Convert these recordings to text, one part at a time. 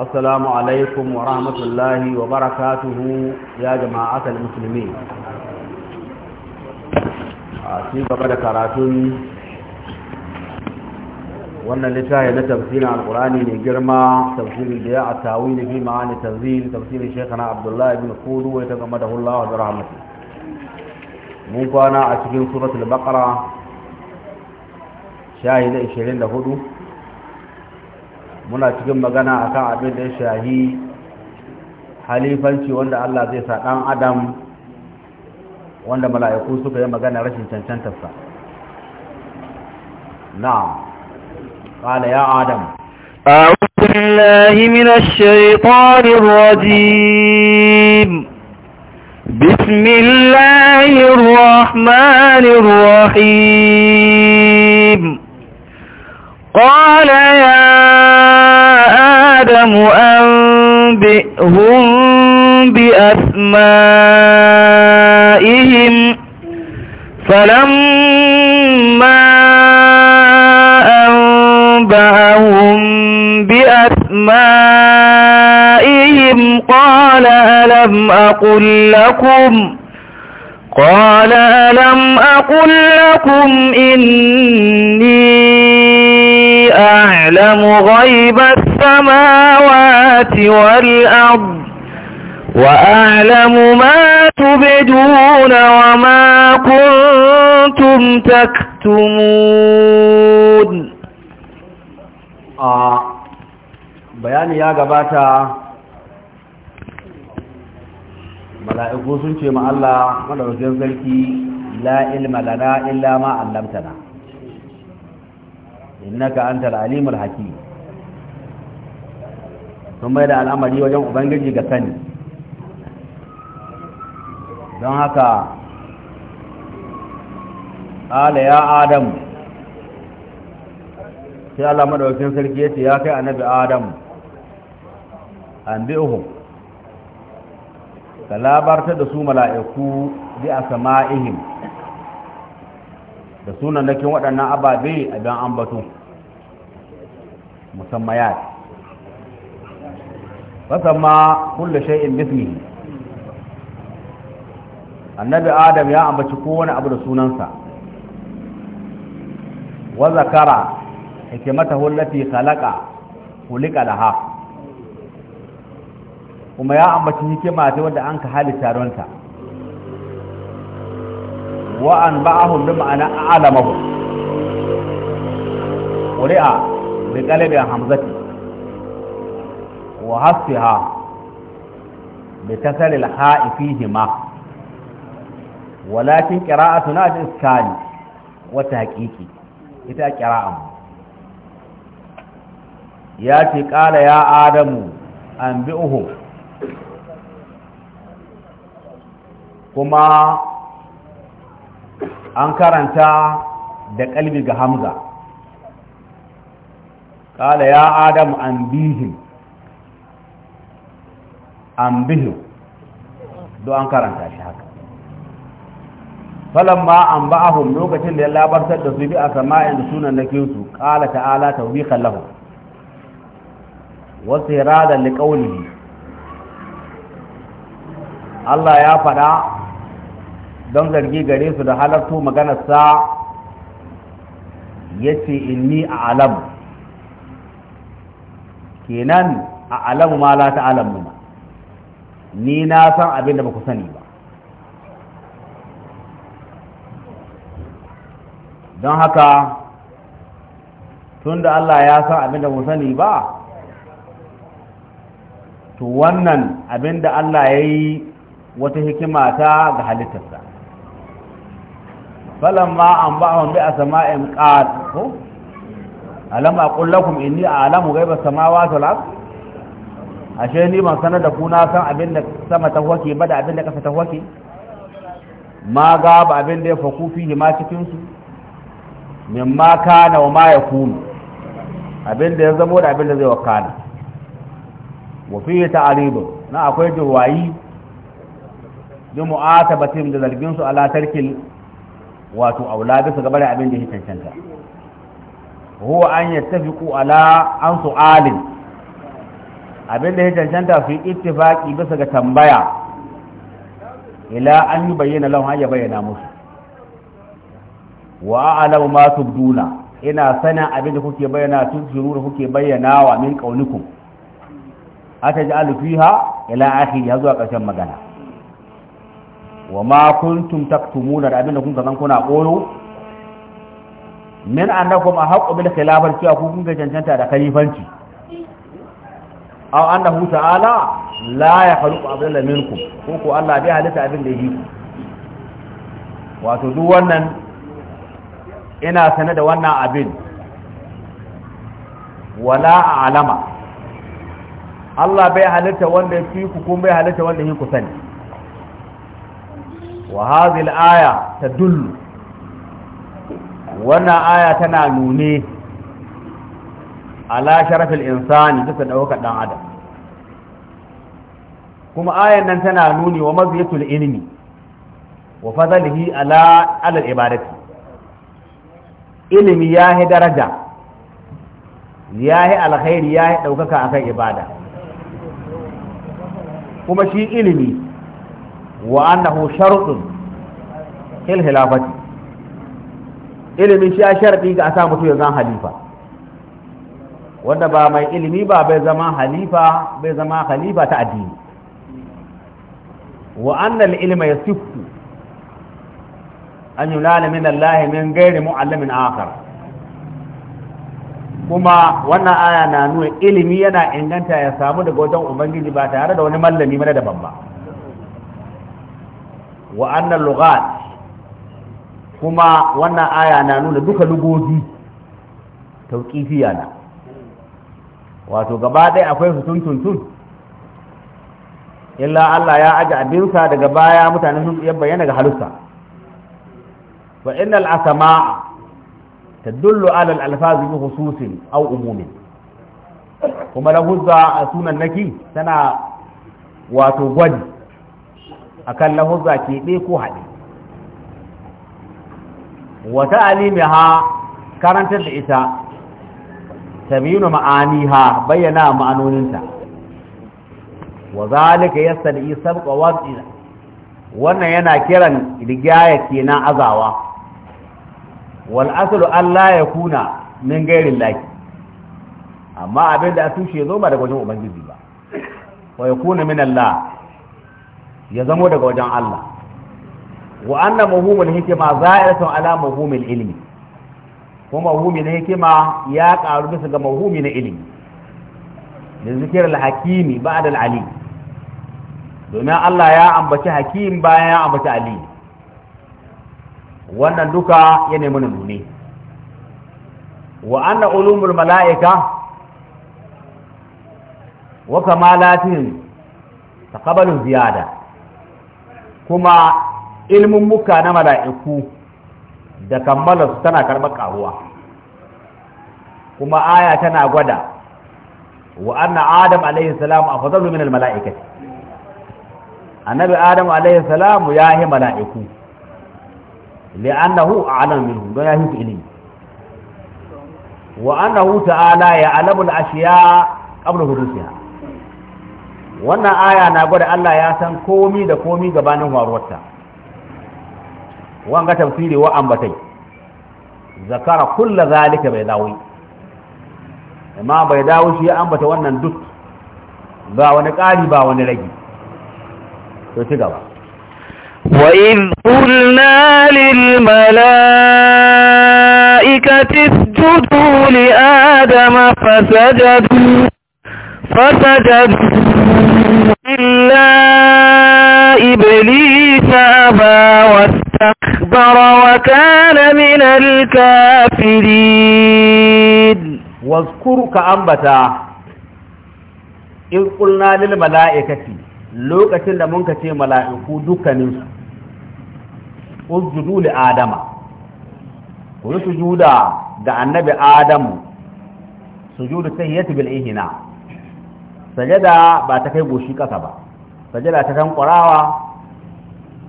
السلام عليكم ورحمة الله وبركاته يا جماعة المسلمين أسيب بعد كراتون وانا لتاهي لتفسير عن القرآن لجرمى تفسير الدياء التاوين في معاني تنزيل تفسير شيخنا عبد الله بن خود ويتقمده الله برحمته ممكن أنا أشكين سورة البقرة شاهد لهدو muna cikin magana akan abin da ya shahi halifanci wanda Allah zai sa ɗan adam wanda mala'iku suka yi magana rashin cancantarsa na ƙala ya adam أعوذ بالله من الشيطان الرجيم بسم الله الرحمن الرحيم قال يا آدم أنبئهم بأسمائهم فلما أنبأهم بأسمائهم قال ألم أقل لكم قال ألم أقل لكم إني أعلم غيب السماوات والأرض وأعلم ما تبدون وما كنتم تكتمون آه، بياني يا قباتا ملائكو سنشي مع الله ملعوزين ذلك لا علم لنا إلا ما علمتنا innaka antal alimul hakim sun mai da al'amari wajen ubangiji ga sani don haka ala ya adam sai Allah madaukakin sarki yace ya kai annabi adam an bi'uhu ka labarta da su mala'iku bi asma'ihim da sunan kin waɗannan ababe ya ambato musammayat ma kulle shay'in bismi annabi adam ya ambaci kowane abu da sunansa wa zakara hikimatahu allati khalaqa khuliqa laha kuma ya ambaci hikima ta wanda an ka halitta ronta wa'an ba'ahun bi ma'ana a'alamahu ƙuri'a bi ƙalibin hamzati wa hasfiha bi kasaril ha'i fihima walakin ƙira'atu na jin iskali wata haƙiƙi ita ƙira'an ya ce ƙala ya adamu an bi uhu kuma an karanta da kalbi ga hamza kala ya adam an bihim an bihim don an karanta shi haka falamma ma an ba'ahun lokacin da ya labartar da su bi a sama'in da sunan na kinsu kala ta'ala taubikan lahu wasu hiradar liƙaunihi Allah ya faɗa don zargi gare su da halartu maganarsa ya ce inni a alamu kenan a alamu ma la ta alamu ma ni na san abin da ba sani ba don haka tun da Allah ya san abin da ba sani ba to wannan abin da Allah ya yi wata hikima ta ga halittarsa ma an ba فلما أنبأهم بأسماء قال ألم أقول لكم إني أعلم غيب السماوات والأرض ashe ni ban sanar da kuna san abin da sama ta hoke ba da abin da kasa ta hoke ma ga ba abin da ya faku fihi ma cikin su min ma kana wa ma ya yakunu abin da ya zamo da abin da zai wakana wa fihi ta'ribu na akwai jirwayi bi mu'atabatin da zargin su ala tarkil wato aula bisa gabar abin da ya cancanta huwa an yattafiqu ala an su'alin abin da ya cancanta su yi ittifaqi bisa ga tambaya ila an yi bayyana lahum ya bayyana musu wa a'lamu ma tubduna ina sanin abin da kuke bayyana tun da kuke bayyana wa min qaulukum aka ji alufiha ila akhiri har zuwa ƙarshen magana wa ma kuntum taktumuna da abinda kun zan kuna koyo min annakum ahqqu bil khilafati cewa ku kun ga cancanta da khalifanci aw annahu ta'ala la yakhluqu abdan minkum ko ko Allah bai halitta abin da yake wato duk wannan ina sane da wannan abin wala alama Allah bai halitta wanda ya fi ku kuma bai halitta wanda yake ku sani wa hadhihi al-aya wannan aya tana nune ala sharafil insani bisa daukar dan adam kuma ayan nan tana nuni wa maziyatul ilmi wa fadlihi ala ala ibadati ilimi yahi daraja yahi alkhairi yahi daukaka akan ibada kuma shi ilimi wa annahu shartun hil hilafati ilimin shi ya sharadi ga a sa mutu ya zama halifa wanda ba mai ilimi ba bai zama halifa bai zama halifa ta addini wa annal ilma yasiffu an yulala min Allah min ghairi mu'allamin akar. kuma wannan aya na nuna ilimi yana inganta ya samu daga wajen ubangiji ba tare da wani mallami mana daban ba wa annal kuma wannan aya na nuna duka lugogi tauqifiya na wato gaba ɗaya akwai su tuntuntun illa Allah ya aje abinsa daga baya mutane sun iya bayyana ga halitta wa innal asma'a tadullu ala al alfaz bi khususin aw umumin kuma lafuzza sunan naki tana wato gwadi akan lafuzza ke ɗe ko haɗe wata alimi ha karantar da ita tabinu ma'ani ha bayyana ma'anoninta wa zalika yasta da isa wasu wannan yana kiran rigaya na azawa wal asalu Allah ya kuna min gairin laki amma abin da a tushe zo ba daga wajen ubangiji ba wa ya kuna min Allah ya zamo daga wajen Allah wa anna muhumul hikima za'iratun ala muhumil ilmi ko muhumi na hikima ya karu bisa ga muhumi na ilimi da zikir al-hakimi ba'da al-ali domin Allah ya ambaci hakim bayan ya ambaci ali wannan duka ya nemi nuni wa anna ulumul mala'ika wa kamalatihim taqabalu ziyada kuma ilmin muka na mala'iku da kammala su tana karɓar ƙaruwa kuma aya tana gwada wa anna adam alaihi salam a fasalu min mala'ikati annabi adam alaihi salam ya yi mala'iku li'annahu a'lam minhum don ya yi ilimi wa annahu ta'ala ya alamu alamul ashiya qabla hudusiha wannan aya na gwada Allah ya san komi da komi gabanin faruwarta wanga tafsiri wa ambatai zakara kulla zalika bai dawo amma bai dawo shi ya ambata wannan duk ba wani kari ba wani ragi to ci gaba lil malaikati للملائكة li Adama fasajadu fasajadu إلا إبليس أبى واستكبر وكان من الكافرين واذكرك أنبتا إذ قلنا للملائكة lokacin da mun ka ce mala'iku dukkaninsu usjudu li adama ku yi sujuda ga annabi adamu sujudu sayyati bil sajada ba ta kai goshi ƙasa ba sajada ta kan ƙwarawa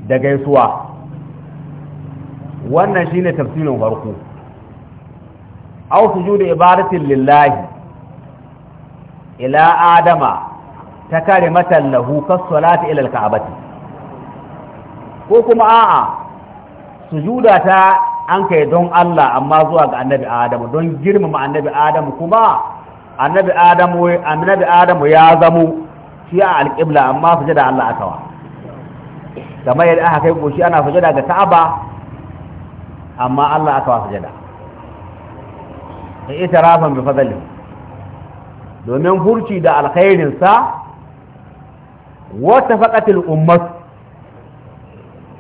da gaisuwa wannan shi ne tafsirin farko aw jude ibaratin lillahi ila adama ta kare matallahu kas ilal ka'abati ko kuma a'a sujuda ta an kai don Allah amma zuwa ga annabi Adamu don girmama annabi Adamu kuma annabi adamu annabi adamu ya zamo shi a alƙibla amma suje da Allah aka wa kamar yadda aka kai goshi ana sujada ga ta'aba amma Allah aka wa sujada sai itirafan bi fadli domin furci da alkhairin sa wata faqatil ummat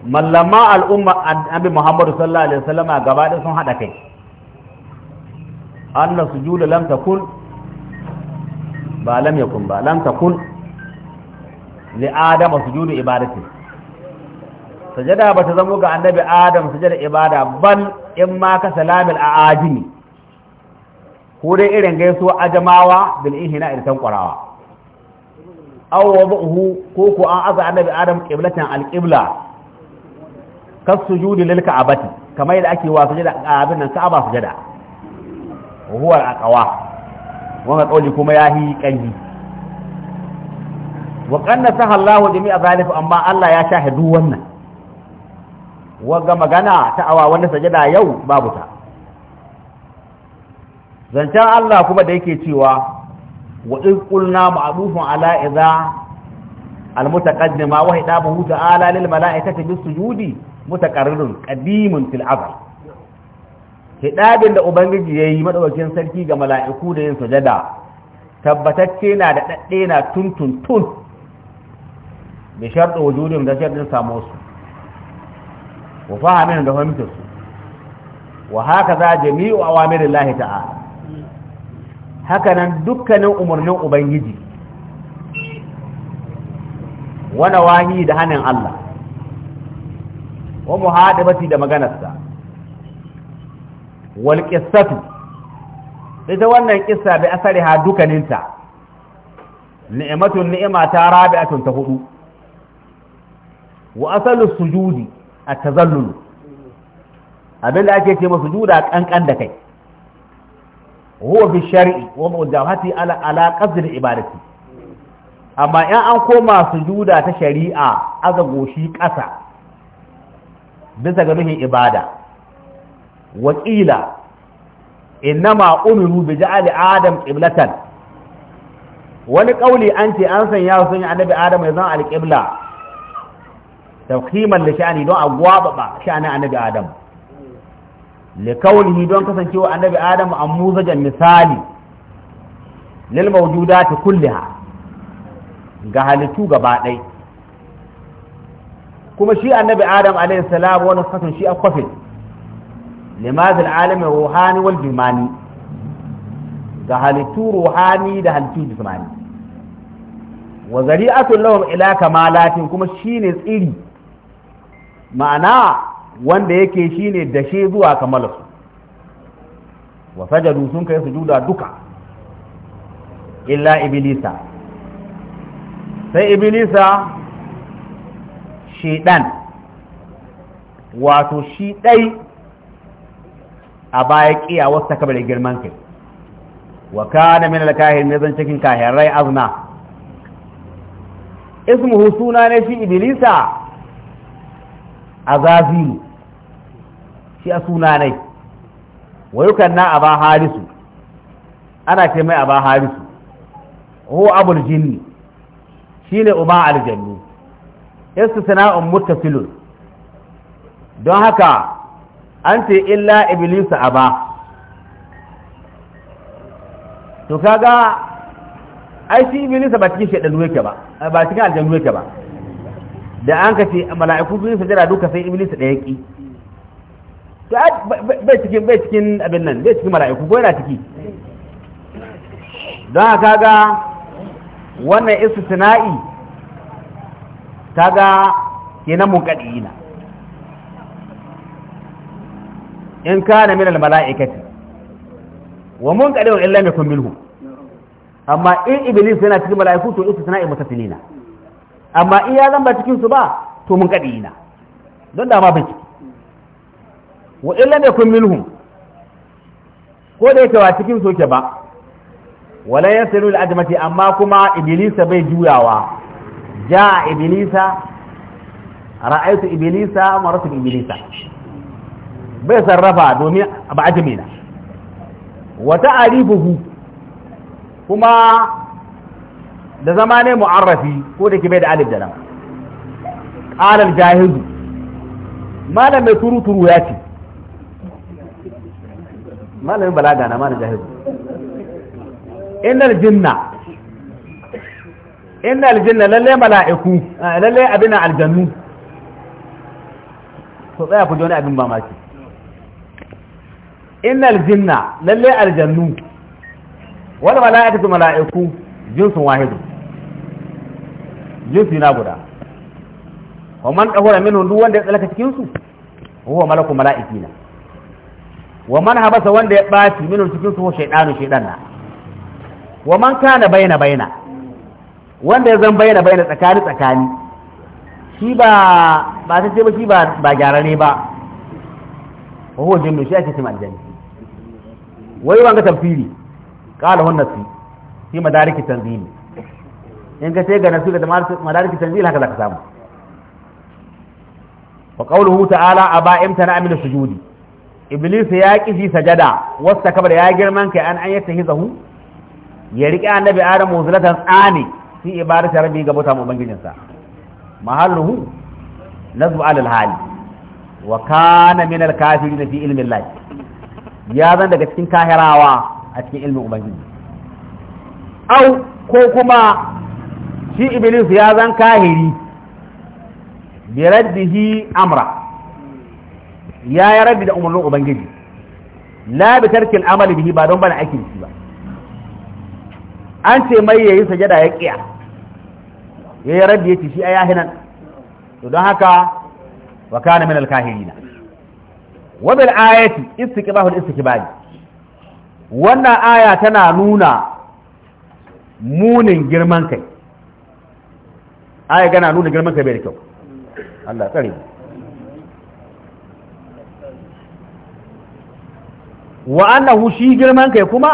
mallama al'umma annabi Muhammad sallallahu alaihi wasallama gaba da sun hada kai anna sujuda lam takun ba lam yakun ba lam takun li adam sujudu ibadati sajada ba ta zamo ga annabi adam sujada ibada bal in ma ka salamil a ajimi ko dai irin gaisuwa ajamawa bil ihina irkan qarawa aw wad'uhu ko ko an aza annabi adam qiblatan al-qibla ka sujudu lil ka'abati kamar yadda ake wa sujada abin nan ka'aba sujada huwa al-aqwa wanga kauli kuma ya yi kanji wa qanna sahallahu jami'a zalifu amma Allah ya shahidu wannan wanga magana ta awa wanda sajada yau babu ta zancen Allah kuma da yake cewa wa in qulna ma'rufun ala idza المتقدمة وهي تابه تعالى للملائكة بالسجود متكرر قديم في العبد hidabin da ubangiji ya yi madaukakin sarki ga mala'iku da yin sujada tabbatacce na da ɗaɗɗe na tuntun tun da sharɗa wujudin da sharɗin samu su wa fahimin da fahimta su wa haka za jami'u awamirin lahi ta'ala haka nan dukkanin umarnin ubangiji wani wahi da hannun Allah wa muhadabati da maganarsa wal qissatu ita wannan kissa bi ha dukaninta ni'matun ni'ima ta rabi'atun ta hudu wa asalu sujudi at-tazallul abinda ake ce masa sujuda kankan da kai huwa fi shar'i wa mujahati ala ala qadri ibadati amma in an koma sujuda ta shari'a aza goshi ƙasa bisa ga nuhin ibada wakila innama umiru bi ja'ali adam qiblatan wani ƙaule an ce an sanya sun annabi adam ya zama alqibla tawhiman li sha'ani don agwaba sha'ani annabi adam li kaunihi don kasancewa annabi adam amuzajan misali lil mawjudati kulliha ga halittu gaba kuma shi annabi adam alaihi salam wani kasan shi a kwafin Limazin alamin ruhani wal jimani ga halittu ruhani da halittu jismani wa zari'atul lahum ila kamalatin kuma shine tsiri ma'ana wanda yake shine dashe zuwa kamalarsu wa sajadu sun kai sujuda duka illa iblisa sai iblisa shiɗan wato shi dai a baya kiya wasu ta kabar girman kai wa kana min al-kahir ne zan cikin kahirai azna Ismu suna ne shi iblisa azazilu shi a suna ne wa yukanna aba harisu ana ce mai aba harisu huwa abul jinni ne uba aljannu sana'un muttasilun don haka an ce illa a aba to kaga ai shi iblisa ba cikin shaidanu yake ba ba cikin aljannu yake ba da an ka ce mala'iku su jira duka sai iblisa da yaki to bai cikin bai cikin abin nan bai cikin mala'iku ko yana ciki don haka ga wannan istisna'i kaga kenan mun kadina in kana min almalaikati wa mun munqadu illa yakun minhu amma in iblis yana cikin mala'iku to istisna'i mutasilina amma in ya zamba cikin su ba to mun kadi ina don da ma baki wa illa yakun minhum ko da yake wa cikin su yake ba wala yasilu al-ajmati amma kuma iblisa bai juyawa ja iblisa ra'aytu iblisa maratu iblisa bai sarrafa domin ba ajami na wata arifuhu kuma da zama ne mu'arrafi ko da ke bai da alif da nan ƙalar jahizu malam mai turu ya ce malamin balaga na malam jahizu Inar jinna innal jinna lalle mala'iku lalle abin aljannu to tsaya ku jona wani abin mamaki innal jinna lalle aljannu wal mala'ikatu mala'iku jinsun wahidu jinsi na guda wa man dahura minhu duk wanda ya tsalaka cikin su huwa malaku mala'ikina wa man habasa wanda ya baci minhu cikin su shaydanu shaydanna wa man kana baina baina wanda ya zan baina baina tsakani tsakani shi ba ba ta ce ba shi ba ba gyarare ba wa huwa shi ake cin aljanni wai wanga tamfili qala hunna fi fi madariki tanzili in ka sai ga nasu da madariki tanzili haka zaka samu wa qawluhu ta'ala aba na min sujudi iblis ya ki fi sajada wasta kabar ya girman kai an an yatahizahu ya riƙe annabi adamu zulatan tsani fi ibadati rabbi ga bauta mu ubangijinsa mahalluhu nazbu alal hali wa kana min al kafirin fi ilmi allah ya zan daga cikin tahirawa a cikin ilmin ubangiji au ko kuma shi iblis ya zan kahiri bi raddihi amra ya ya rabbi da umarnin ubangiji la bi tarkil amali bihi ba don bana aikin shi ba an ce mai yayi sajada ya kiya ya ya rabbi yace shi ayahinan to don haka wa kana min al-kahirina wa bil ayati istiqbahu istiqbali wannan aya tana nuna munin girman kai aya gana nuna girman kai bai da kyau Allah tsare wa annahu shi girman kai kuma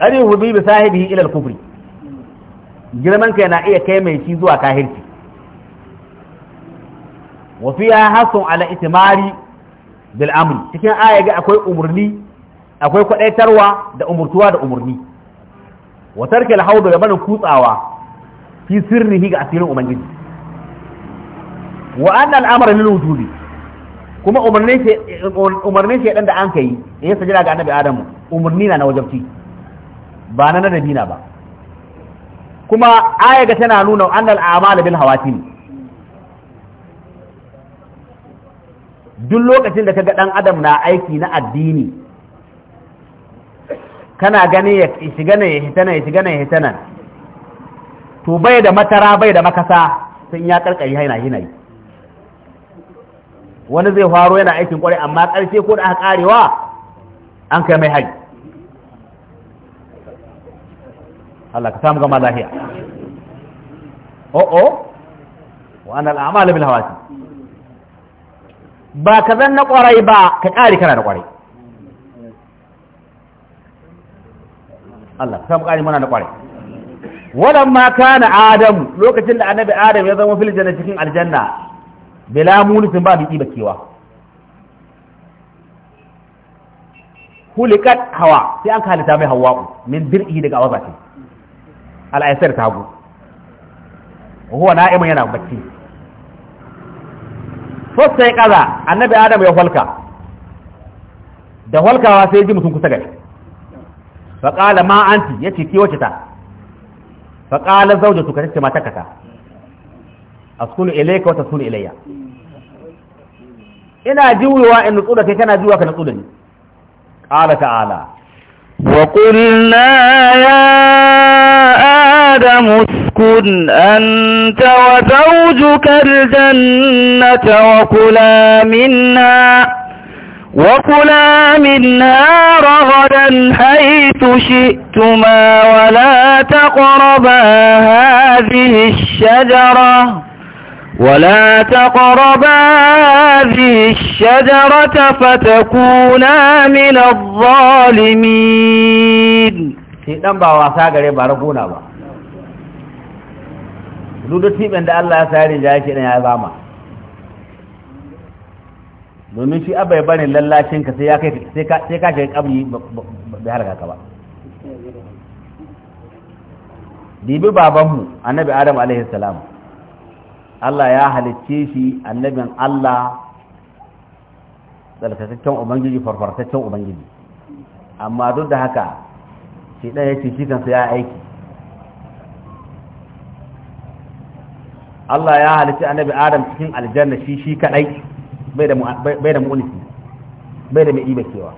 qarihu bi sahibi ila al-kufri girman kai na iya kai mai shi zuwa kahirci wa fiya hasun ala itimari bil amri cikin aya ga akwai umurni akwai kwadaitarwa da umurtuwa da umurni wa tarki al hawd da barin kutsawa fi sirrihi ga asirin ubangiji wa anna al amra lil wujubi kuma umarnin shi umarnin da an kai ya sajira ga annabi adamu umarni na na wajabci ba na na dabina ba kuma aya ga tana nuna annal a'mal bil hawatim duk lokacin da kaga dan adam na aiki na addini kana gani ya shiga nan ya hita nan ya shiga nan ya hita nan to bai da matara bai da makasa sun ya karkari haina yi, wani zai faro yana aikin kwarai amma karshe ko da aka karewa an kai mai hari Allah ka samu gama lahiya o'o oh, oh. wa anal a'malu bil hawasi ba ka zan na kwarai ba ka ƙari kana da kwarai Allah ka samu ƙari mana da kwarai wadan ma kana adamu lokacin da annabi adam ya zama fil janna cikin aljanna bila mulisin ba biki bakewa hulikat hawa sai an kalita mai hawa min dir'i daga awaza ce al-aysar tagu huwa na'imun yana bacci Sosai ya kaza annabi adam ya falka da falkawa sai ji mutum kusa gari fa qala ma anti yace ki wace ta fa qala zawjatu ka tace mata kaka askunu ilayka wa tasunu ilayya ina juwa in nutsu da kai kana juwa ka nutsu da ni qala ta'ala wa qulna ya آدم اسكن أنت وزوجك الجنة وكلا منها وكلا منها رغدا حيث شئتما ولا تقربا هذه الشجرة ولا تقربا هذه الشجرة فتكونا من الظالمين. Shi ɗan ba wasa duk da da Allah ya sayar da shi ya zama domin shi abai barin lallacin ka sai ya kai sai ka shiga bai halaka ka ba dibi babanmu annabi adam alaihi salam Allah ya halicce shi annabin Allah tsarkakakken ubangiji farfartaccen ubangiji amma duk da haka shi ɗaya ce shi kansa ya aiki Allah ya halitta annabi Adam cikin aljanna shi shi kadai bai da mu'unisi bai da mai ibakewa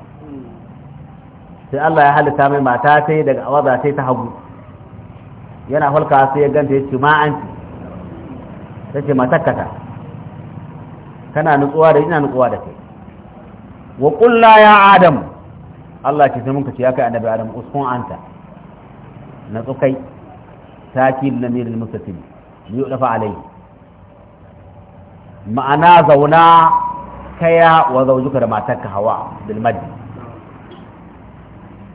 sai Allah ya halitta mai mata sai daga awaza sai ta hagu yana hulka sai ya ganta yace ma anti tace matakata kana nutsuwa da ina nutsuwa da kai wa qul ya adam Allah ce sai mun kace ya kai annabi Adam uskun anta na tsukai takil lamir al-mustatim biyu dafa alai ma'ana zauna kaya wa zaujuka da matarka hawa bil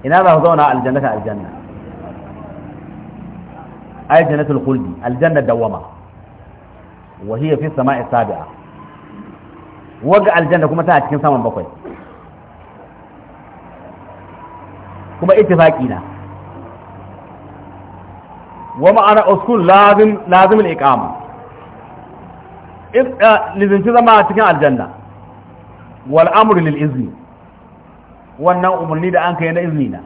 ina za ku zauna aljannata aljanna ay jannatul aljanna dawama wa hiya fi samai sabi'a waga aljanna kuma ta cikin saman bakwai kuma ittifaqi na ومعنى أسكن لازم لازم الإقامة لازم تزمع تكن الجنة والأمر للإذن wannan umarni da an kai na izini na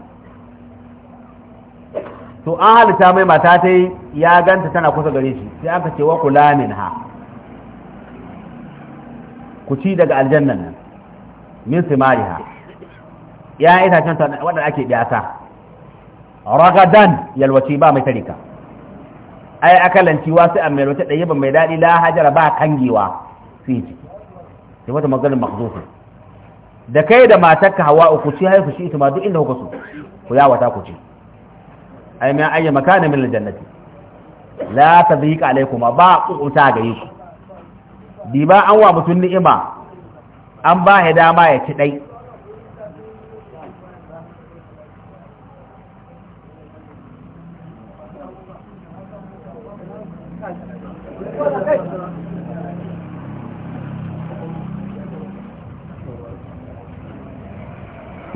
to an halitta mai mata ta yi ya ganta tana kusa gare shi sai aka ce wa kula min ha ku ci daga aljannan nan min simari ha ya itacen waɗanda ake biyata. ragadan yalwaci ba mai tarika ai akalanci wasu a mai wata ɗaya mai daɗi la hajara ba kangewa su yi ciki sai wata maganin makzofin da kai da ka hawa uku ci haifu shi ita ma duk inda kuka so ku yawata ku ci ai mai ayya makana min aljannati la tadhiqa alaikum ba uta gare ku bi ba an wa mutun ni'ima an ba dama ya ci dai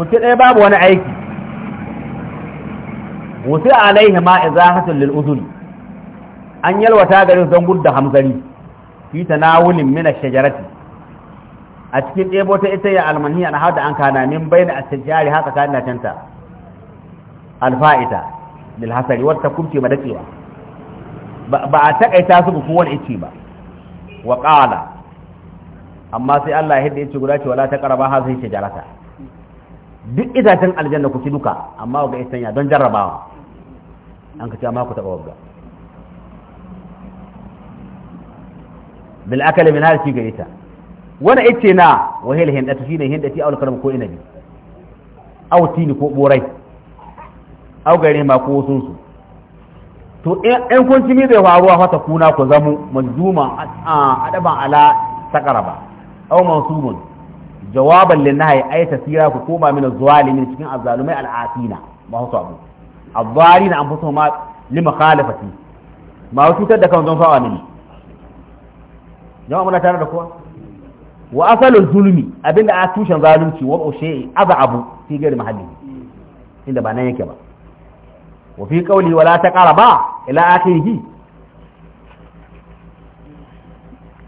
kuce ɗaya babu wani aiki wusi alaihi ma izahatul lil uzun an yalwata gare don gudda hamzari fi tanawulin min ash-shajarati a cikin ɗebo ta ita ya almaniya na hada an kana min bayna ash-shajari haka kana tanta alfa'ita lil hasari wata kubce madakewa ba a takaita su ko wani ice ba wa qala amma sai Allah ya hidda ya yace guda ce wala ta qaraba hadhihi shajarata duk itacen aljanna ku duka amma ga isanya don jarrabawa an ka ce amma ku taɓa wagga bil akali min harci ga ita wani ice na wahil hindatu shine hindati aul karam ko inabi aw tini ko borai aw gare ma ko sun su to in kun ci mi zai faruwa fata kuna ku zamu a adaban ala takaraba aw mansubun jawaban lin nahyi ay tasira ku koma min zalimin cikin azzalumai al'asina ba su abu azzalina an fusu ma lima khalafati ma wasu da kan zon fawa mini jama'a muna tare da kowa wa asalul zulmi abinda a tushen zalunci wa ushe aza abu fi gari mahalli inda ba nan yake ba wa fi qawli wala taqraba ila akhirih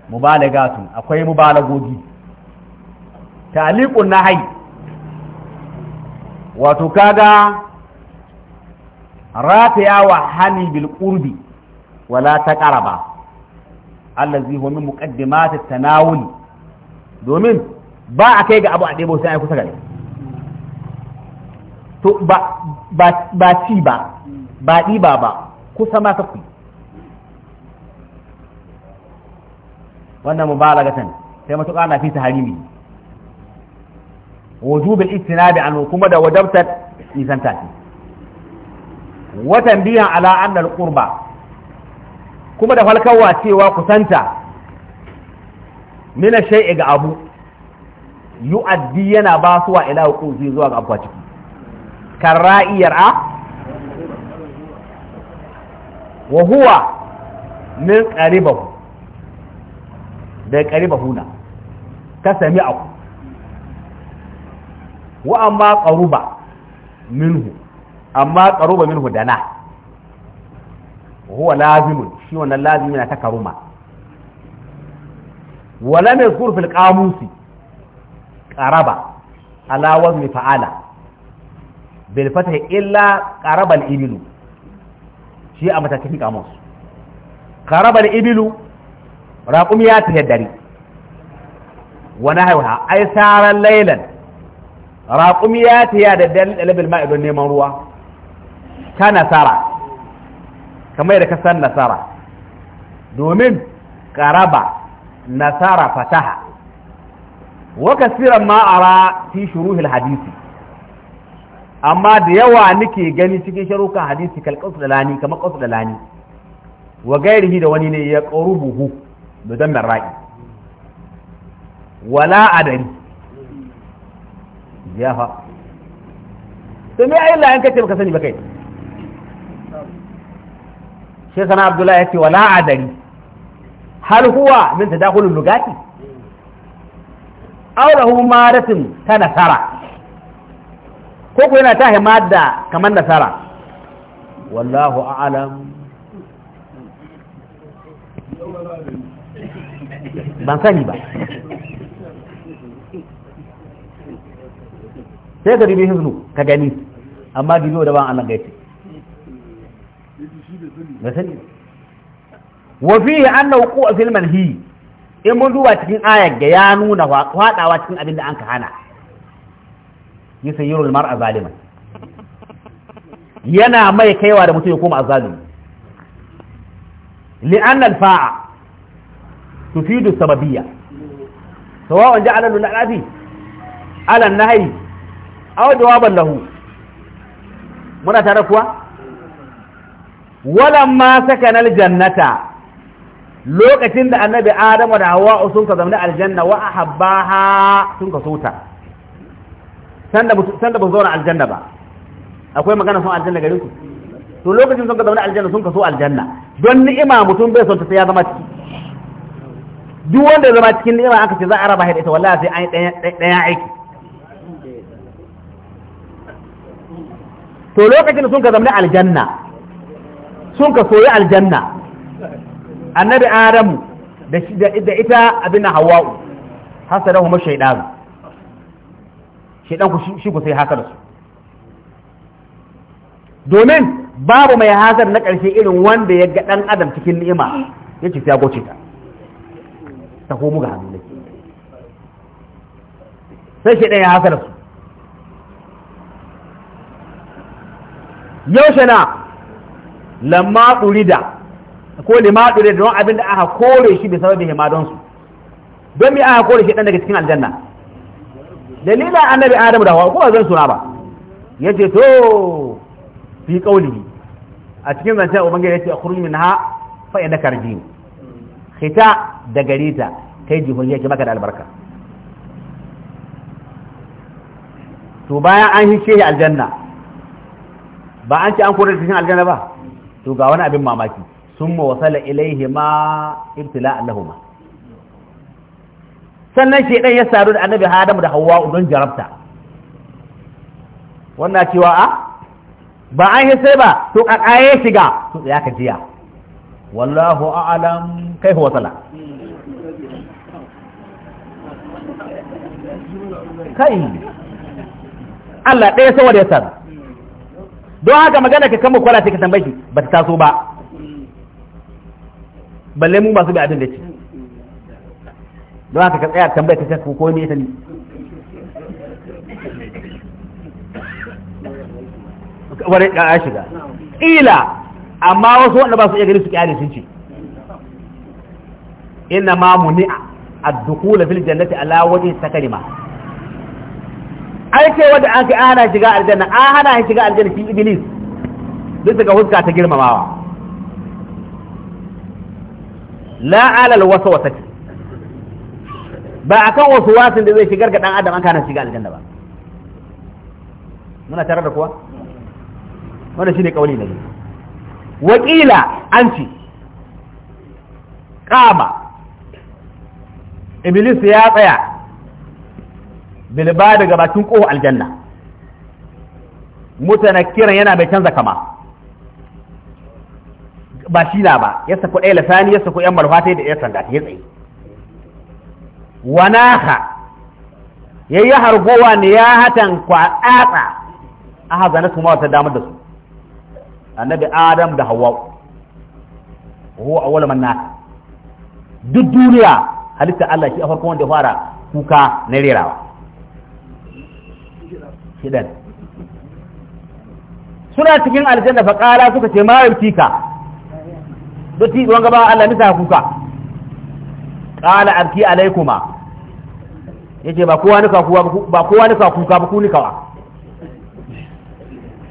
mubalagatu akwai mubalagogi na hai wato kaga rataya wa hani bil qurbi wala taqaraba allazi huwa min muqaddimat at-tanawul domin ba a kai ga abu a ɗebo sai ai kusa gare to ba ba ba ci ba ba kusa ma kafi wannan mubalagatan sai matuƙa na fi ta wujubul istinadi anhu kuma da wadabtar isan tafi watan biyan ala kurba kuma da falkawa cewa kusanta mina shay'i ga abu yu'addi yana ba suwa ila hukunci zuwa ga abuwa ciki kan ra'iyar a wa na sami aku wa amma qaruba minhu amma qaruba minhu dana huwa lazimun shi wannan lazimi na takaruma wala mai fil qamusi ƙaraba, ala wazni fa'ala bil fatah illa qaraba al ibilu shi a matakin qamus qaraba al ibilu raqum ya tahaddari wa nahwa ay saran laylan raƙumi ya tiya da dalibin ma'a don neman ruwa ta nasara kamar da san nasara domin karaba nasara fataha wa kasiran ma'ara fi shuruhil hadisi amma da yawa nake gani cikin sharukan hadisi kalƙasu da lani kamar ƙasu da lani wa gairihi da wani ne ya buhu, da damar ra'i wala adari ya fa to me ayi la'an kace baka sani ba kai shi sana abdullahi yace wala adari hal huwa min tadakhul lugati aw lahu maratin ta nasara ko ko yana ta himada kamar nasara wallahu a'lam ban sani ba sai ka dibi hiznu ka gani amma dibi da ban annan gaiti da sani wa fihi anna wuqu'a fil manhi in mun duba cikin ayar ga ya nuna fadawa cikin abin da an ka hana yusayyirul mar'a zaliman yana mai kaiwa da mutum ya koma azalimi li'anna al-fa'a tufidu sababiyya sawa'un ja'ala lil-'adabi ala an-nahyi aw jawaban lahu muna tare kuwa walamma sakana aljannata lokacin da annabi adamu da hawa'u sun ka zamna aljanna wa ahabbaha sun ka sota sanda sanda ba zauna aljanna ba akwai magana sun aljanna gare ku to lokacin sun ka zamna aljanna sun ka so aljanna don ni'ima mutum bai son ta sai ya zama ciki duk wanda ya zama cikin ni'ima aka ce za a raba ita wallahi sai an yi daya aiki to lokacin sun ka zamani aljanna sun ka soyi aljanna annabi adamu da ita abin hawa'u hasada kuma shaidan shaidan ku shi ku sai hasar su domin babu mai hasar na ƙarshe irin wanda ya ga ɗan adam cikin ni'ima ya ce ya goce ta ta komu ga hannu sai shaidan ya hasar su yaushe na lamma ƙurida ko lima ƙurida don abin da aka kore shi bai sababin himadonsu don me aka kore shi ɗan daga cikin aljanna dalila annabi adamu da hawa kuma zan suna ba ya ce to fi ƙaunihi a cikin zancen ubangiji ya ce a kurmi min ha fa'in da karbi hita da garita kai jihun yake maka da albarka to bayan an hishe aljanna ba an ci an kore cikin aljanna ba to ga wani abin mamaki summa wasala ilaihi ma ibtila allahuma sannan dan ya saru da annabi Adamu da hawa don jarabta wannan cewa a ah, ba an yi sai ba to kaye shiga to ya ka jiya wallahu a'lam kai sala kai Allah ɗaya saboda ya saru don haka magana ka kama kwala sai ka tambaye shi ba ta taso ba balle mu masu bi abin da ce don haka ka tsaya tambaye ka kanka ko me ne wani ya shiga ila amma wasu wanda ba su iya gani su kyale sun ce inna ma muni'a ad-dukhul fil jannati ala wajhi takrima ai ce wanda an kai ana shiga aljanna an hana shi shiga aljanna shi iblis duk daga huska ta girmamawa la wasu waswasati ba akan wasu wasin da zai shigar ga dan adam an kana shiga aljanna ba muna tare da kuwa wanda shine kauli ne biyu wakila an ce kama iblis ya tsaya bilba daga bakin ƙohu aljanna kiran yana mai canza kama ba shi na ba ya sako ɗaya lasani ya sako yan malfata da ya sanda ya tsaye wanaha ya yi hargowa ne ya hatan kwaɗaɗa a hazane su mawata damar da su annabi adam da hawa huwa a wala manna duk duniya halitta Allah shi a farkon wanda fara kuka na rerawa kidan suna cikin aljanna fa qala suka ce ma yautika doti wanga ba Allah nisa kuka qala abki alaikuma yace ba kowa nika kuwa ba kowa nika kuka ba ku nika wa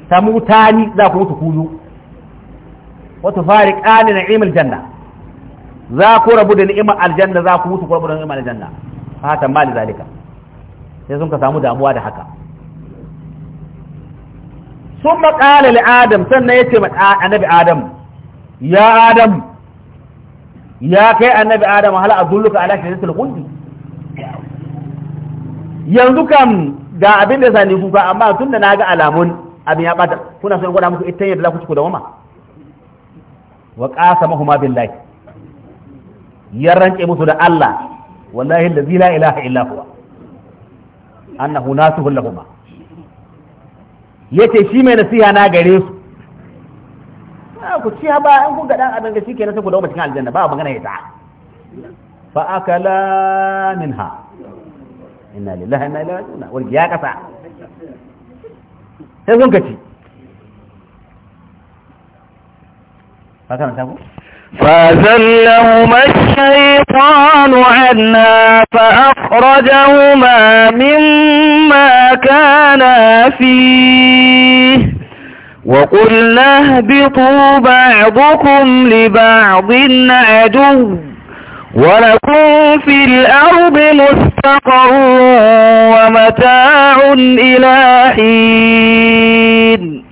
tamutani za ku mutu kuyu wa tufariqani na'imul janna za ku rabu da ni'imar aljanna za ku mutu ku rabu da ni'imar aljanna fatan mali zalika sai sun ka samu damuwa da haka sun maƙala adam sannan ya ce annabi adam ya adam ya kai annabi adam hal azulluka ala shajaratil khuldi yanzu kam ga abin da zani kuka amma tun da naga alamun abin ya bata kuna son gwada muku ita yadda za ku ci ku da wama wa qasamahuma billahi ya rance musu da Allah wallahi allazi la ilaha illa huwa annahu nasuhul lahuma ya ce shi mai nasiha na gare su ah, ku ci ba an kun ga dan abin da shi ke nasa ku dauma cikin aljanna ba magana ya ta fa akala minha inna lillahi inna ilaihi raji'un wal ya kasa sai sun ka ci haka na ta ku فأزلهما الشيطان عنها فأخرجهما مما كانا فيه وقلنا اهبطوا بعضكم لبعض عدو ولكم في الأرض مستقر ومتاع إلى حين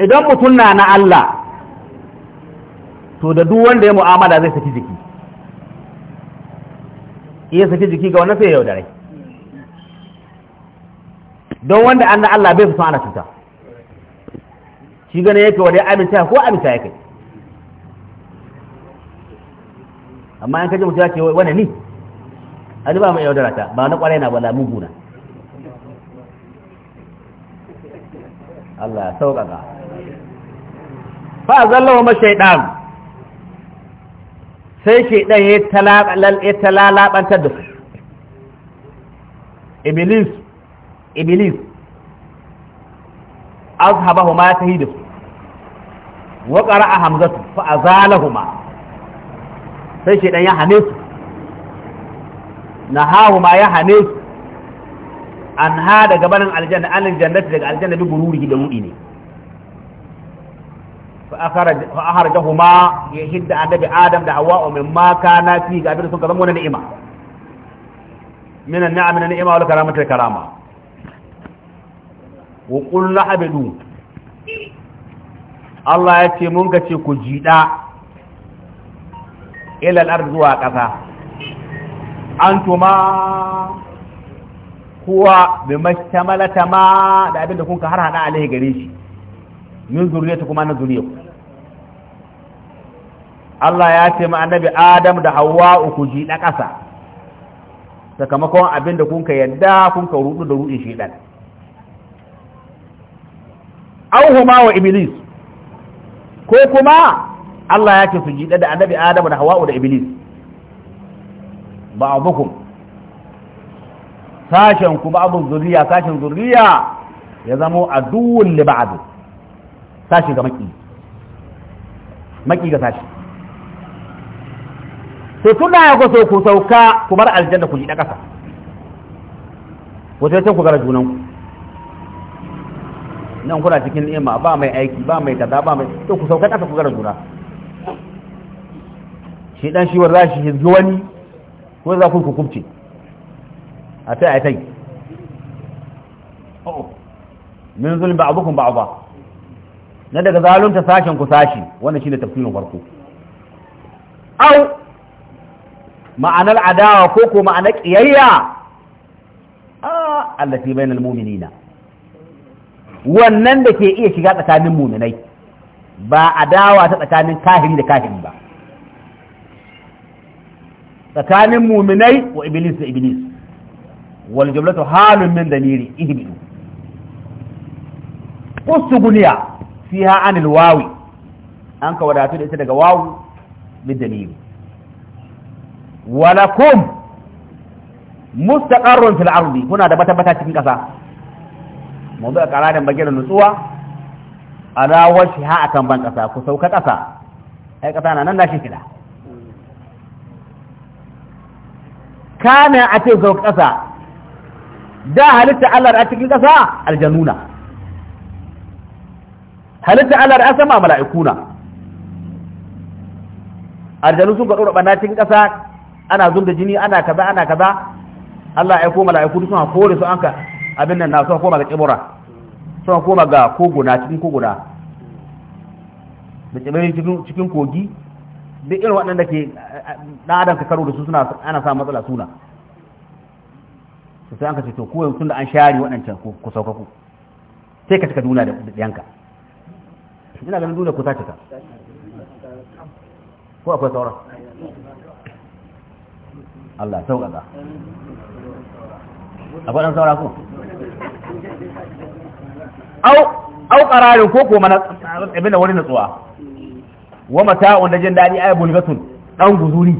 إذا قلنا mutum الله to da duk wanda ya mu'amala zai saki jiki iya saki jiki ga wannan sai ya yaudare don wanda an na Allah bai fi ana cuta shi gane yake wadai amince ko aminta ya kai amma an kaji mutum ya ce wani ni ali ba mu yaudara ta ba na kwarai na ba lamu guna Allah ya sauƙaƙa fa zallahu mashaidan sai ke ɗan ya talalaɓantar da su iblis iblis azhabahu ma ta su wa a hamzatu fa a azalahuma sai ke ɗan ya hane su nahahuma ya hane su an ha daga barin aljanna an aljannati daga aljanna bi gururi da ruɗi ne fa aharajahuma ya hidda annabi adam da hawa'u min ma kana fi ga abin sun ka zama wani ni'ima Minan an'am min ni'ima wal karamati wal karama wa qul la'abdu Allah ya ce mun gace ku jida ila al-ard zuwa kasa antuma kuwa bi mashtamalata da abin da kun ka har hada alai gare shi min zuriyata kuma na zuriya Allah ya ce ma annabi Adam da Hawwa ku ji da ƙasa sakamakon abin da kun ka yadda kun ka rudu da rudin shedan An huma wa iblis ko kuma Allah ya ce su ji da annabi Adam da Hawwa da iblis ba'dukum sashen ku ba'dun zuriya sashen zuriya ya zamo a li liba'adun. sashi ga maki maki ga sashi to tunda ya ku so ku sauka ku bar aljanna ku ji da kasa wata yace ku gara junan ku nan kuna cikin ni'ima ba mai aiki ba mai kaza ba mai to ku sauka kasa ku gara juna shi dan shi wanda shi hizgi wani ko za ku kubce a tai a tai oh, min zulm ba'dukum ba'dha na daga zalunta sashen ku sashi wannan shine tafsirin farko au ma'anar adawa ko ko ma'anar kiyayya a ah, allati bainal mu'minina wannan da ke iya shiga tsakanin mu'minai ba adawa ta tsakanin kahiri da kahiri ba tsakanin mu'minai wa iblis da iblis wal jumlatu halun min damiri ihbidu guniya. fiha anil wawi an ka wadatu da ita daga wawu bi dalili walakum mustaqarrun fil ardi kuna da bata cikin kasa mu da kararin bagiran nutsuwa ala wajhiha akan ban kasa ku sauka kasa ai kasa na nan na shi kida kana a ce da halitta Allah da cikin kasa aljanuna halitta Allah da asama mala'ikuna na arjanu sun gado da bana cikin kasa ana zubda jini ana kaza ana kaza Allah ya koma mala'iku sun ha kore su anka abin nan na su koma ga kibura sun koma ga koguna cikin koguna da tsibirin cikin cikin kogi duk irin da ke ɗan adam ka karo da su suna ana sa matsala suna sai an ka ce to ko yanzu tun da an share waɗancan ku sauka ku sai ka cika duna da yanka ina ganin dole ku ta cika ko akwai sauran Allah sauƙaƙa akwai ɗan saura ko au ƙararin ko ko mana abin da wani natsuwa wa mata wanda jin daɗi ai bulgatun ɗan guzuri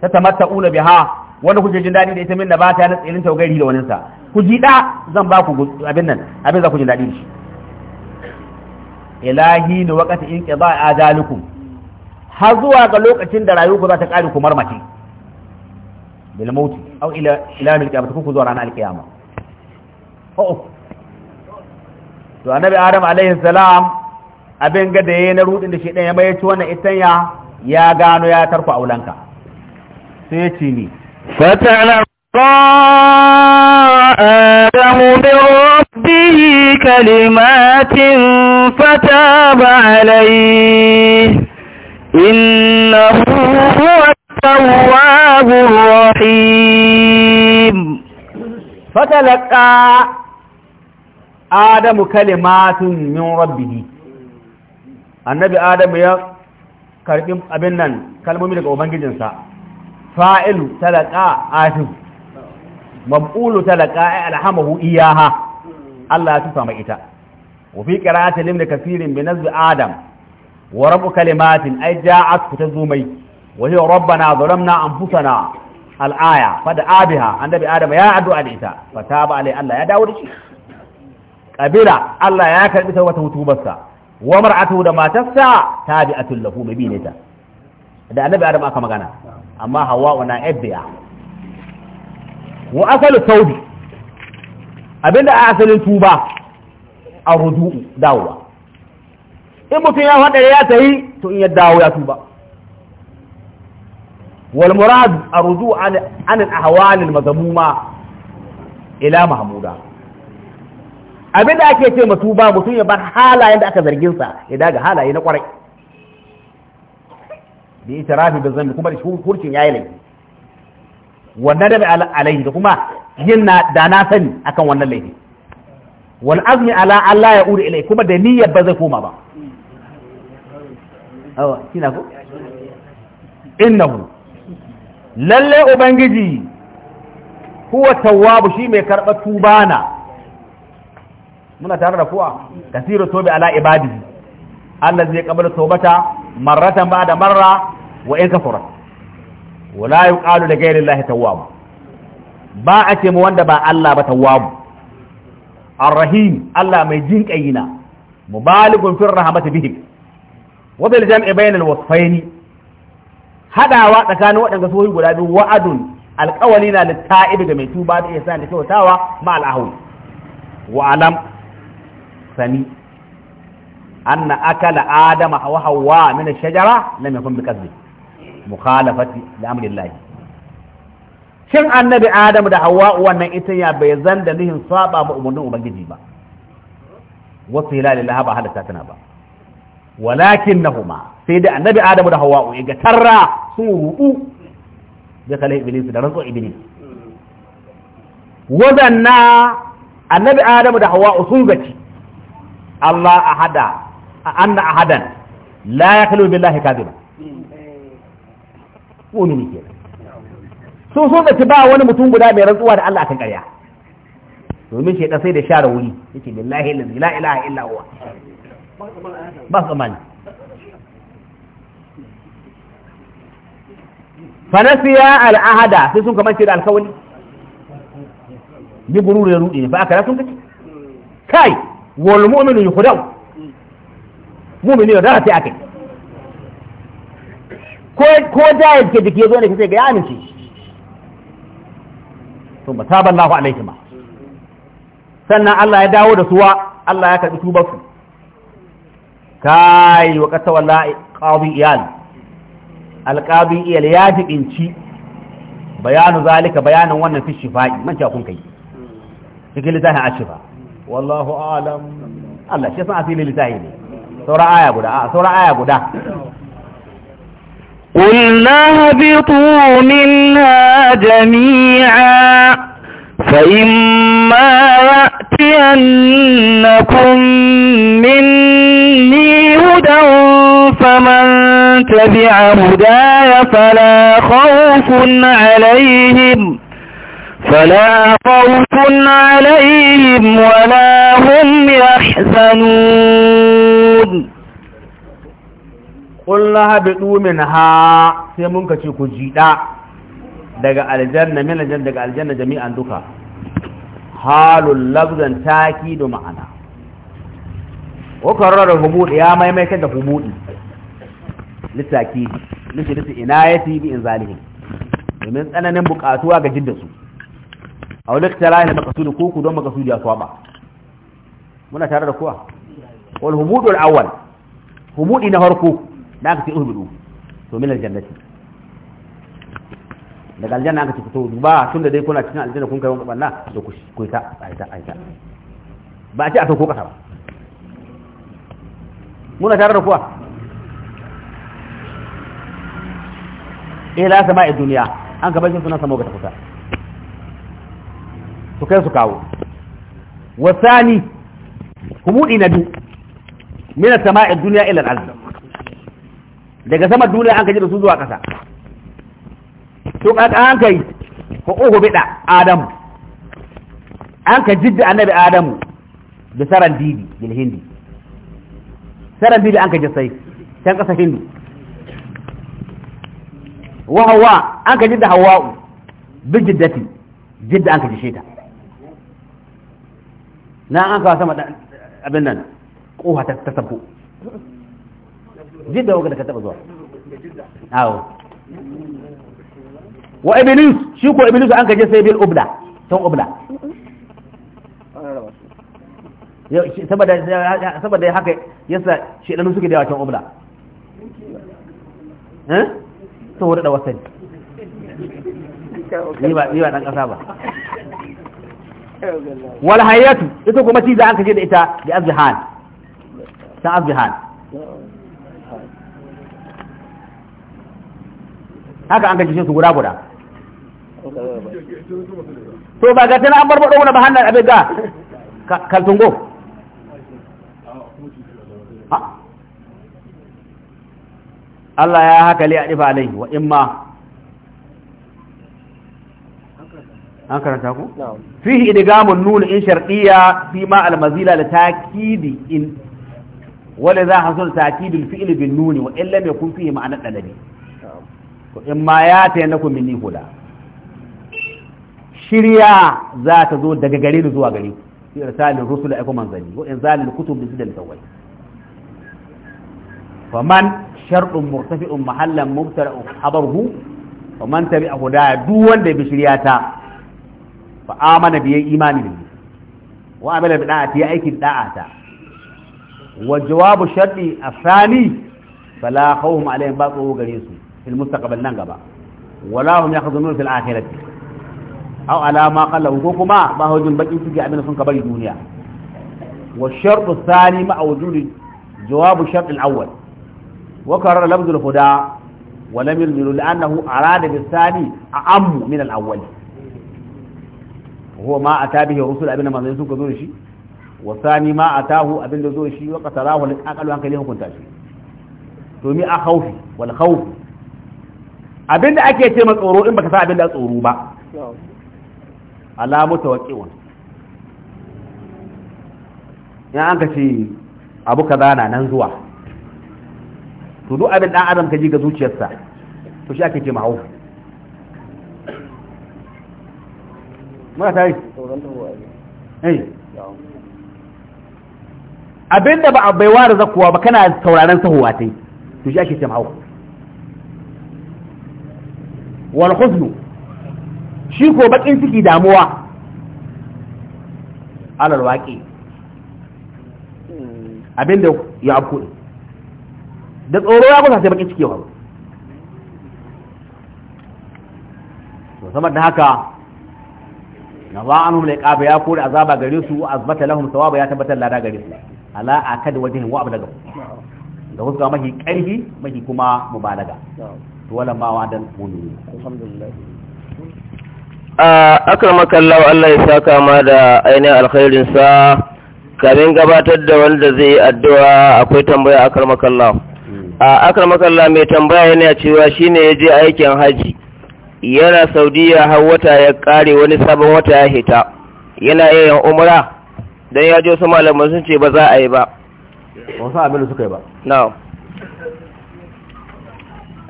ta tamatta una biha wanda kuke jin daɗi da ita min da ba ta na tsirin taugari da waninsa ku ji ɗa zan ba ku abin nan abin za ku jin daɗi da shi ilahi ni waqati in a ajalikum har zuwa ga lokacin da rayuwa za ta kare ku marmace bil maut au ila ila mil qiyamah ku zuwa ranar alqiyama oh to annabi adam alaihi salam abin ga da yayin na rudin da shedan ya ci wannan itanya ya gano ya tarfa aulanka sai ya ci ni fatala آدم بالرب به كلمات فتاب عليه إنه هو التواب الرحيم فتلقى آدم كلمات من ربه abin nan kalmomi daga ubangijinsa fa'ilu talaka atin mab'ulu talaka ay alhamahu iyaha Allah ya tufa mai ita wa fi qira'ati limni kasirin bi nazbi adam wa rabu kalimatin ay ja'at kutazumai wa hiya rabbana zalamna anfusana al-aya fa da abiha annabi adam ya addu'a da ita fa taba alai Allah ya dawo da shi kabila Allah ya karbi ta wata hutubarsa wa mar'atu da matarsa tabi'atul lahu bibi ne ta da annabi adam aka magana amma hawa'u na abiya wa asalu tawbi abinda a asalin tuba a rudu'u dawowa in mutum ya faɗa ya yi to in ya dawo ya tuba wal murad arzu an an ahwalin mazamuma ila mahmuda abinda ake ce ma tuba mutum ya bar halayen da aka zargin sa ya daga halaye na kwarai bi itirafi da zanni kuma da hurcin yayin laifi wannan da alaihi da kuma yin na da na sani akan wannan laifi wal azmi ala Allah ya uri ilai kuma da niyyar ba zai koma ba awa kina ko innahu lalle ubangiji huwa tawwabu shi mai karba tubana muna tare da kuwa kasiru tobi ala ibadi Allah zai kabala tobata marratan ba da marra wa in kafara wala yuqalu li ghayri Allah tawwabu ba a ce mu wanda ba Allah ba tawwabu ar-rahim Allah mai jin kayina mubalighun fir rahmati bihim wa bil jam'i bainal wasfayn hadawa tsakanin waɗanda sohi guda biyu wa'adun alƙawali na litta'ib ga mai tuba da yasa da kyautawa ma al wa alam sani anna akala adama wa hawa min ash-shajara lam yakun bi qasdi mukhalafati li amri shin annabi adam da hawa wannan ita ya bai zan da nihin saba ma umarnin ubangiji ba wasu hilali laha ba halatta tana ba walakin na huma sai da annabi adam da hawa ya ga tarra sun rubu da kala iblis da rantsuwar iblis wadanna annabi adam da hawa sun gaci Allah ahada anna ahadan la ya yaklu billahi kadhiba hmm. mu'mini kenan sun so ci ba wani mutum guda mai rantsuwa da Allah akan ƙarya domin shi sai da share wuri yake billahi la ilaha illa huwa ba su amani fanasiya al'ahada sai sun kamance da alkawali Ni gururu ya rudi ne ba aka sun kace kai wal mu'minu yukhdaw mu'mini da rafi akai ko ko da yake dike zo ne kace ga ya amince su ba taban lahu alaihi ma sannan Allah ya dawo da suwa Allah ya karbi tubar su kai wa kasa wala qabi iyal alqabi iyal ya fi inci bayanu zalika bayanan wannan fi shifai man ta kun kai cikin litafin ashifa wallahu alam Allah shi san asili litafi ne saura aya guda a saura aya guda قل اهبطوا منها جميعا فإما يأتينكم مني هدى فمن تبع هداي فلا خوف عليهم فلا خوف عليهم ولا هم يحزنون قلنا هبطوا منها سيمونك تشكو جيدا daga الجنة من الجنة daga الجنة جميعا duka halun halul lafzan takidu ma'ana wa karrara humudi ya maimaita da humudi litakidi nufi nufi inayati bi in zalihi domin tsananin bukatuwa ga jidda su a wani tarahi makasudu kuku don makasudu ya saba muna tare da kuwa wal humudul awwal humudi na farko da aka ce uhbidu to min aljannati daga aljanna aka cikin fito ba tun da dai kuna cikin aljanna kun kai wani ɓanna da ku yi ta aita aita ba a ce a sauko ƙasa ba muna tare da kuwa ila a duniya an gaba shi sunan samo ga tafuta su kai su kawo wasani humudi na mina sama a duniya ila al'adu daga sama duniya an ka ji da su zuwa kasa to kaka an kai ko ugu bida adamu an ka jidda annabi adamu da saran didi bil hindi saran didi an ka sai can kasa hindu wa hawa an ka jidda hawa bi jiddati jidda an ka ji ta na an ka sama abin nan ha ta sabbo jidda wanda ka taba zuwa awo wa iblis shi ko iblis an kaje sai bil ubda tun ubda saboda saboda haka yasa shedanu suke da tun ubda eh wada da wasani ni ba ni ba dan kasa ba wal hayatu ita kuma ci za an kaje da ita bi azhan ta azhan haka an kaje su guda guda to ba ga tana an barbaɗo mana ba hannun abin ga kaltungo Allah ya haka li a ɗifa alaihi wa imma an karanta ku? fihi idgamun nuna in sharɗiya fi ma almazila da takidi in wale za a sun takidul fi'il bin nuni wa illa mai kun fihi ma'anar ɗalabi to in ma ya ta yana kun mini hula shirya za ta zo daga gare ni zuwa gare ku irsalin rusul aiko manzanni wa inzalil kutub bi dal tawai fa man shartun murtafi'un mahallan mubtara'un habarhu fa man tabi'a hudaya duk wanda bi shirya ta fa amana bi imani bi wa amala bi da'ati aikin da'ata wa jawabu sharti asani fala khawfun alaihim ba tsoro gare su fil mustaqbal nan gaba wala hum yahzanun fil akhirati aw ala ma ko kuma ba hujjun suke abin sun ka duniya wa shartu thani ma wujudi jawabu shart al-awwal wa karara wa lam yulmilu li'annahu arada bis thani a'am min al-awwal huwa ma ata bihi rusul abin manzo sun ka wa thani ma atahu abin da zo shi wa hukunta shi ake ce tsoro in baka sa abinda tsoro ba alamu tawaqqi'un in an ka ce abu kaza na nan zuwa to duk abin dan adam ka ji ga zuciyarsa to shi ake ce mahawu muna tare eh abinda ba a bai da zakuwa ba kana sauraron sahuwa tai to shi ake ce mahawu wal huznu shi ko bakin ciki damuwa alal waƙi abinda ya afko da tsoro ya kusa sai bakin ciki ya faru musamman da haka na ba an hulai ƙaba ya kori azaba gare su azbata lahum sawaba ya tabbatar lada gare su ala akad wajhin wa ablaga da wasu mahi ƙarfi mahi kuma mubalaga to wala ma dan mu'minin alhamdulillah akramaka Allah Allah ya saka ma da ainihin alkhairin sa kamin gabatar da wanda zai addu'a akwai tambaya akramaka Allah hmm. akramaka Allah mai tambaya yana cewa shi ne ya je aikin haji yana Saudiya har wata ya kare wani sabon wata ya hita yana yayin umra Don ya ji wasu malamai, sun ce ba za a yi ba wasu abin da suka yi ba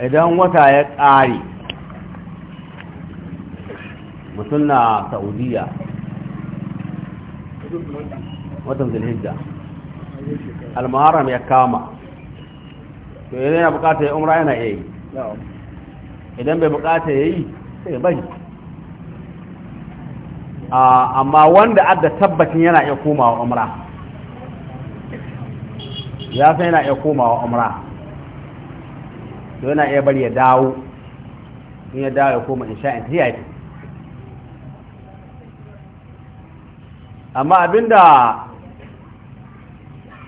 idan wata ya kare mutum na saudiya watan zulhijja almaharam ya kama to idan ya bukata ya umra yana yayi idan bai bukata ya yi sai ya bari amma wanda adda tabbacin yana iya komawa umra ya san yana iya komawa umra to yana iya bari ya dawo in ya dawo ya koma in sha'in ta yi amma abinda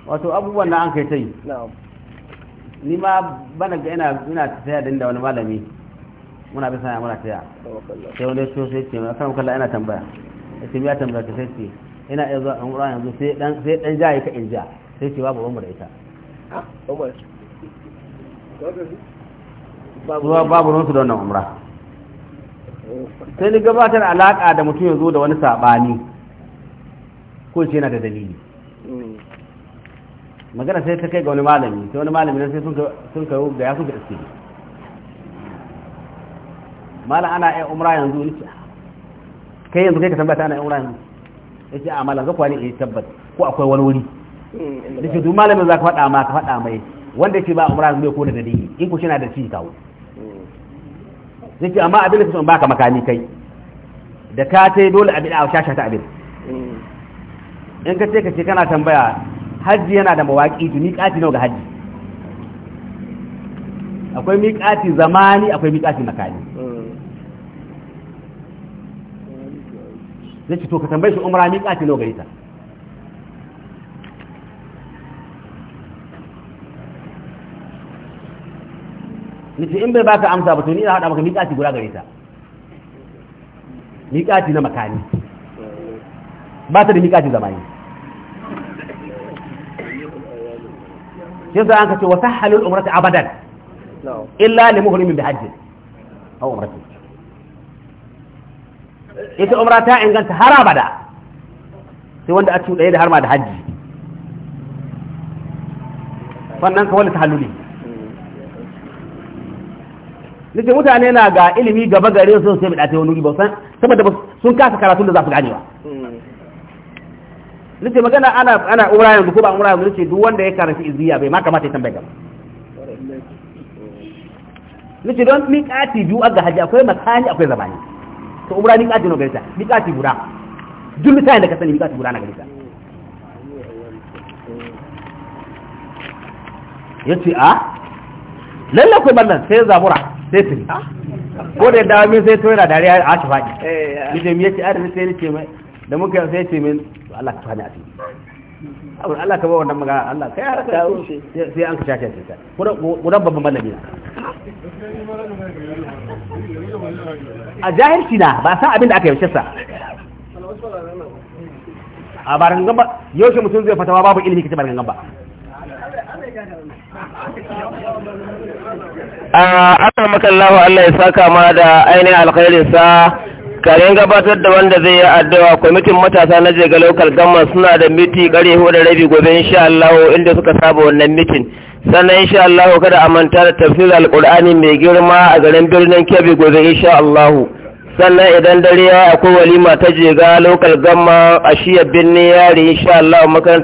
wato abubuwan na an kai ta yi ni ma bana ga ina ina tafiya da wani malami muna bisa ya muna tafiya sai wani so sai ce mai kan kallon ina tambaya sai ce ya tambaya ta sai ce ina iya zuwa ɗan yanzu sai dan sai dan ja ka in ja sai ce babu ruwan ita ah, babu ruwan su da wannan umra oh. sai ni gabatar alaka da mutum ya zo da wani sabani ko ce yana da dalili hmm. magana sai ta kai ga wani malami sai wani malami sai sun kawo ga ya kuka iske malam ana yin umra yanzu ni kai yanzu kai ka tabbata ana yin umra yanzu ya ce a malam zakwa ne eh, ya tabbat ko akwai wani wuri da hmm. duk malamin za ka faɗa ma ka faɗa mai wanda ya ce ba umra yanzu ko da dalili in ku shi na da shi kawo zai hmm. ce amma abin da ka son baka makami kai da ka ta dole abin a shashata abin in ka ce ka ce kana tambaya hajji yana da mawaƙi tu miƙati nawa ga hajji akwai miƙati zamani akwai miƙati makani zai ce to ka tambaye shi umra miƙati nawa gare ita nace in bai baka amsa ba to ni na haɗa maka miƙati guda gare ta miƙati na makani ba ta da miƙatin zamani yanzu an kace wa halin umrata abadan illa li muhrimin bi hajji aw umrati ita umra ta inganta har abada sai wanda a cuɗaye da har ma da hajji wannan ka wani tahalluli nake mutane na ga ilimi gaba gare sun sai bidate wani wuri ba san saboda sun kasa karatu da za su ganewa nace magana ana ana umra yanzu ko ba umra yanzu nace duk wanda ya karanci izziya bai ma kamata ya tambaya ba nace don kati biyu ga haji akwai makani akwai zamani to umra miƙati no garita kati guda duk mutane da ka sani kati guda na garita yace a ah, lalle akwai ballan sai zabura sai tuni ah. ko da dawo min sai to yana dariya a ah, shi faɗi eh, yace me yace a da sai ni ce mai da muka sai ce min Allah ka tani Allah ka ba wannan Allah ka sai a jahilci na ba san abin da aka yaushe sa a barin gamba yaushe mutum zai fatawa babu ilimi kace barin a akan ah, makallahu Allah ya saka ma da ainihin alkhairinsa karin gabatar da wanda zai yi addu'a kwamitin matasa na jiga local government suna da miti kare hudu rabi gobe insha Allah inda suka saba wannan mitin sannan insha Allah kada a manta da tafsir alqur'ani mai girma a garin birnin Kebbi gobe insha Allah sannan idan dare ya akwai walima ta jiga lokal gama a shiyar birnin yari insha Allah